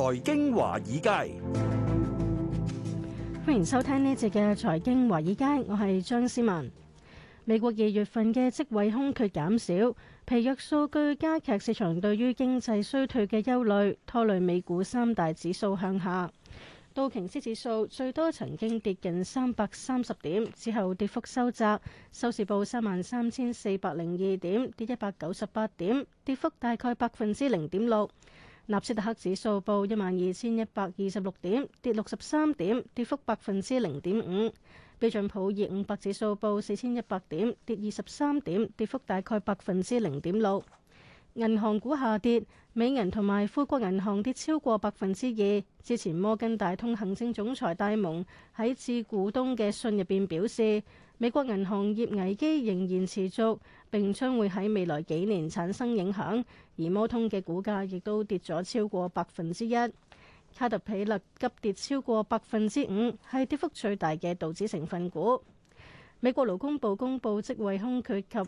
財經華爾街，歡迎收聽呢一節嘅財經華爾街。我係張思文。美國二月份嘅職位空缺減少，疲弱數據加劇市場對於經濟衰退嘅憂慮，拖累美股三大指數向下。道瓊斯指數最多曾經跌近三百三十點之後，跌幅收窄，收市報三萬三千四百零二點，跌一百九十八點，跌幅大概百分之零點六。納斯達克指數報一萬二千一百二十六點，跌六十三點，跌幅百分之零點五。標準普爾五百指數報四千一百點，跌二十三點，跌幅大概百分之零點六。銀行股下跌，美銀同埋富國銀行跌超過百分之二。之前摩根大通行政總裁戴蒙喺致股東嘅信入邊表示，美國銀行業危機仍然持續，並將會喺未來幾年產生影響。而摩通嘅股價亦都跌咗超過百分之一。卡特彼勒急跌超過百分之五，係跌幅最大嘅道指成分股。美國勞工部公布職位空缺及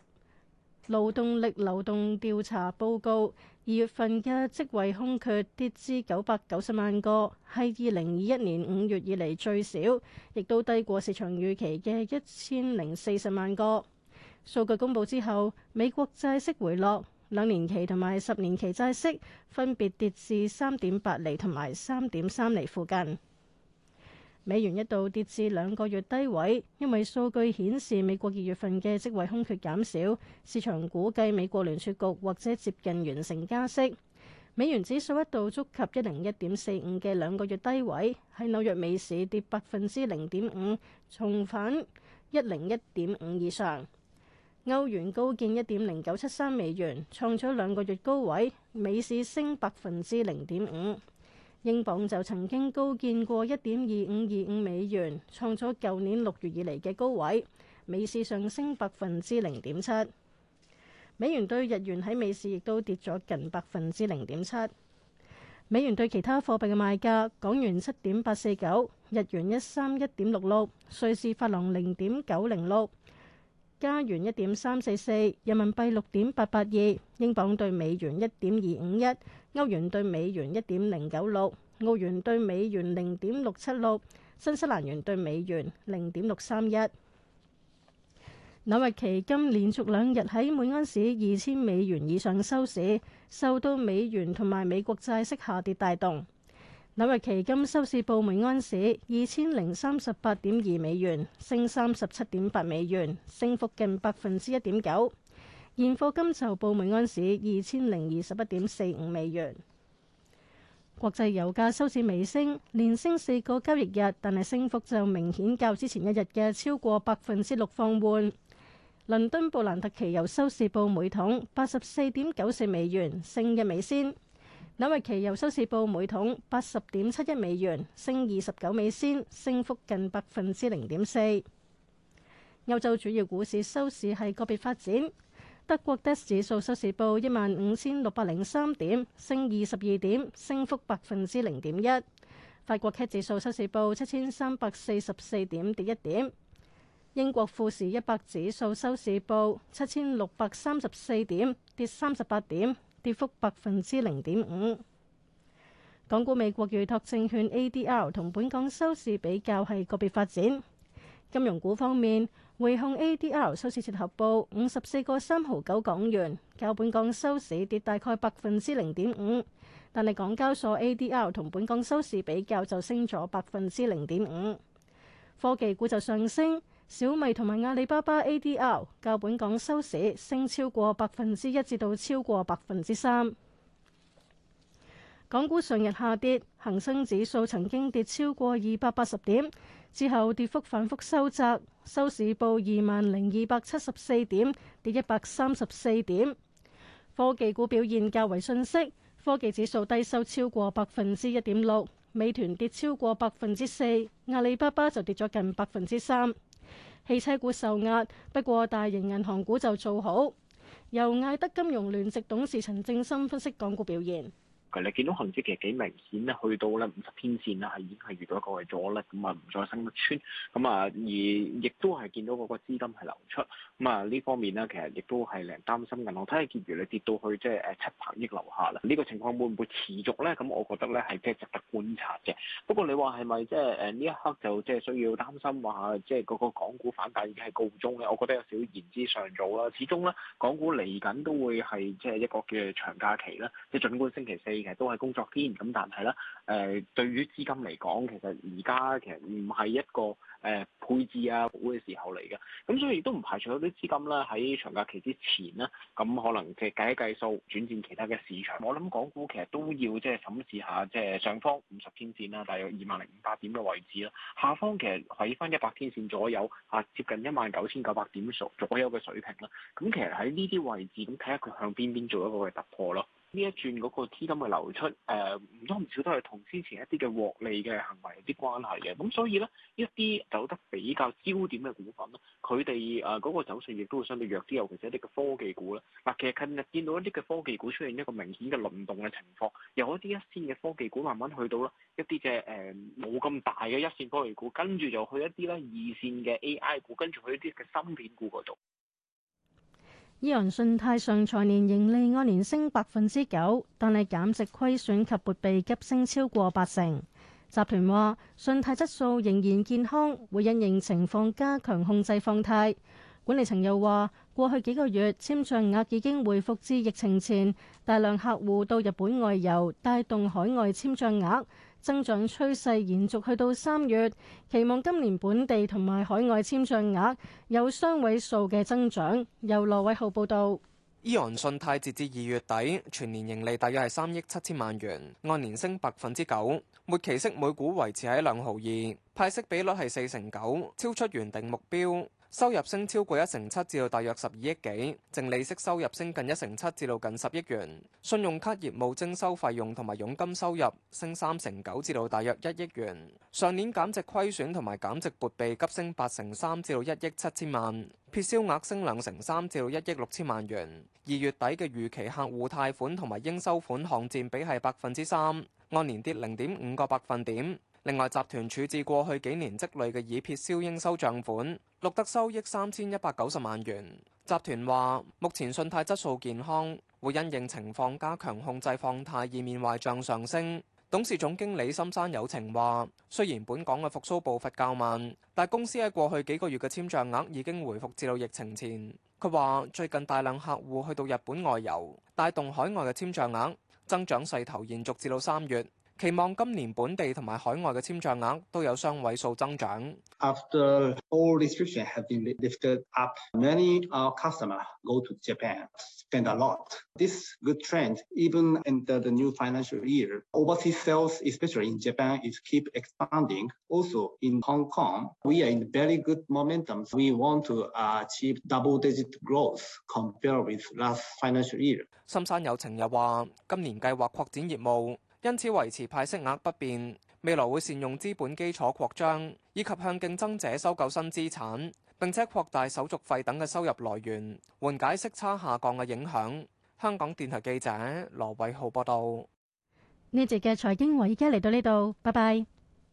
勞動力流動調查報告，二月份嘅職位空缺跌至九百九十萬個，係二零二一年五月以嚟最少，亦都低過市場預期嘅一千零四十萬個。數據公布之後，美國債息回落，兩年期同埋十年期債息分別跌至三點八厘同埋三點三厘附近。美元一度跌至兩個月低位，因為數據顯示美國二月份嘅職位空缺減少，市場估計美國聯儲局或者接近完成加息。美元指數一度觸及一零一點四五嘅兩個月低位，喺紐約美市跌百分之零點五，重返一零一點五以上。歐元高見一點零九七三美元，創咗兩個月高位，美市升百分之零點五。英鎊就曾經高見過一點二五二五美元，創咗舊年六月以嚟嘅高位。美市上升百分之零點七，美元對日元喺美市亦都跌咗近百分之零點七。美元對其他貨幣嘅賣價：港元七點八四九，日元一三一點六六，瑞士法郎零點九零六，加元一點三四四，人民幣六點八八二，英鎊對美元一點二五一。歐元對美元一點零九六，澳元對美元零點六七六，新西蘭元對美元零點六三一。紐約期金連續兩日喺每盎司二千美元以上收市，受到美元同埋美國債息下跌帶動。紐約期金收市報每盎司二千零三十八點二美元，升三十七點八美元，升幅近百分之一點九。現貨金就報每安士二千零二十一點四五美元。國際油價收市微升，連升四個交易日，但係升幅就明顯較之前一日嘅超過百分之六放緩。倫敦布蘭特期油收市報每桶八十四點九四美元，升一美仙。紐約期油收市報每桶八十點七一美元，升二十九美仙，升幅近百分之零點四。歐洲主要股市收市係個別發展。德國德指數收市報一萬五千六百零三點，升二十二點，升幅百分之零點一。法國 CAC 指數收市報七千三百四十四點，跌一點。英國富時一百指數收市報七千六百三十四點，跌三十八點，跌幅百分之零點五。港股美國預託證券 ADR 同本港收市比較係個別發展。金融股方面，匯控 ADR 收市折合報五十四個三毫九港元，較本港收市跌大概百分之零點五。但係港交所 ADR 同本港收市比較就升咗百分之零點五。科技股就上升，小米同埋阿里巴巴 ADR 較本港收市升超過百分之一至到超過百分之三。港股上日下跌，恒生指數曾經跌超過二百八十點，之後跌幅反覆收窄。收市報二萬零二百七十四點，跌一百三十四點。科技股表現較為遜色，科技指數低收超過百分之一點六。美團跌超過百分之四，阿里巴巴就跌咗近百分之三。汽車股受壓，不過大型銀行股就做好。由艾德金融聯席董事陳正深分析港股表現。佢哋見到恒指其實幾明顯咧，去到咧五十天線啦，係已經係遇到一個嘅阻力，咁啊唔再升得穿，咁啊而亦都係見到嗰個資金係流出，咁啊呢方面咧其實亦都係令人擔心。銀行睇下結餘咧跌到去即係誒七百億樓下啦，呢、呢個情況會唔會持續咧？咁我覺得咧係即係值得觀察嘅。不過你話係咪即係誒呢一刻就即係需要擔心話即係嗰個港股反彈已經係告終咧？我覺得有少少言之尚早啦。始終咧港股嚟緊都會係即係一個嘅長假期啦，即係儘管星期四。其實都係工作天咁，但係咧誒，對於資金嚟講，其實而家其實唔係一個誒、呃、配置啊股嘅時候嚟嘅，咁所以亦都唔排除有啲資金咧喺長假期之前啦，咁可能即係計一計數轉戰其他嘅市場。我諗港股其實都要即係審視下，即、就、係、是、上方五十天線啦，大約二萬零五百點嘅位置啦，下方其實喺翻一百天線左右啊，接近一萬九千九百點左左右嘅水平啦。咁其實喺呢啲位置咁睇下佢向邊邊做一個嘅突破咯。呢一轉嗰個資金嘅流出，誒、呃、唔多唔少都係同之前一啲嘅獲利嘅行為有啲關係嘅，咁所以咧一啲走得比較焦點嘅股份咧，佢哋誒嗰個走勢亦都會相對弱啲，尤其是一啲嘅科技股咧。嗱、呃，其實近日見到一啲嘅科技股出現一個明顯嘅輪動嘅情況，由一啲一線嘅科技股慢慢去到啦一啲嘅誒冇咁大嘅一線科技股，跟住就去一啲咧二線嘅 AI 股，跟住去一啲嘅芯片股嗰度。伊人信貸上財年盈利按年升百分之九，但係減值虧損及撥備急升超過八成。集團話信貸質素仍然健康，會因應情況加強控制放貸。管理層又話，過去幾個月簽賬額已經回復至疫情前，大量客戶到日本外遊帶動海外簽賬額。增長趨勢延續去到三月，期望今年本地同埋海外簽賬額有雙位數嘅增長。由羅偉浩報道。伊洋信貸截至二月底全年盈利大約係三億七千萬元，按年升百分之九，末期息每股維持喺兩毫二，派息比率係四成九，超出原定目標。收入升超過一成七，至到大約十二億幾；淨利息收入升近一成七，至到近十億元；信用卡業務徵收費用同埋佣金收入升三成九，至到大約一億元。上年減值虧損同埋減值撥備急升八成三，至到一億七千萬；撇銷額升兩成三，至到一億六千萬元。二月底嘅預期客戶貸款同埋應收款項佔比係百分之三，按年跌零點五個百分點。另外，集團處置過去幾年積累嘅已撇銷應收帳款，錄得收益三千一百九十萬元。集團話：目前信貸質素健康，會因應情況加強控制放貸以免壞帳上升。董事總經理深山有情話：雖然本港嘅復甦步伐較慢，但公司喺過去幾個月嘅簽帳額已經回復至到疫情前。佢話：最近大量客戶去到日本外遊，帶動海外嘅簽帳額增長勢頭，延續至到三月。期望今年本地同埋海外嘅簽賬額都有雙位數增長。深山有情又話，今年計劃擴展業務。因此維持派息額不變，未來會善用資本基礎擴張，以及向競爭者收購新資產，並且擴大手續費等嘅收入來源，緩解息差下降嘅影響。香港電台記者羅偉浩報道。呢節嘅財經而家嚟到呢度，拜拜。